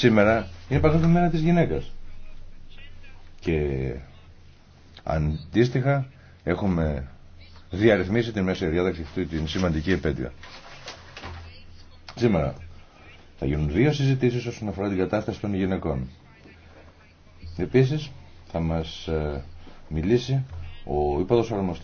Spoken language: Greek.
Σήμερα είναι παγκόσμια μέρα της γυναίκας. Και αντίστοιχα έχουμε διαρρυθμίσει την μέση διάταξη αυτή την σημαντική επέτειο. Σήμερα θα γίνουν δύο συζητήσεις όσον αφορά την κατάσταση των γυναικών. Επίσης θα μας ε, μιλήσει ο υπόδος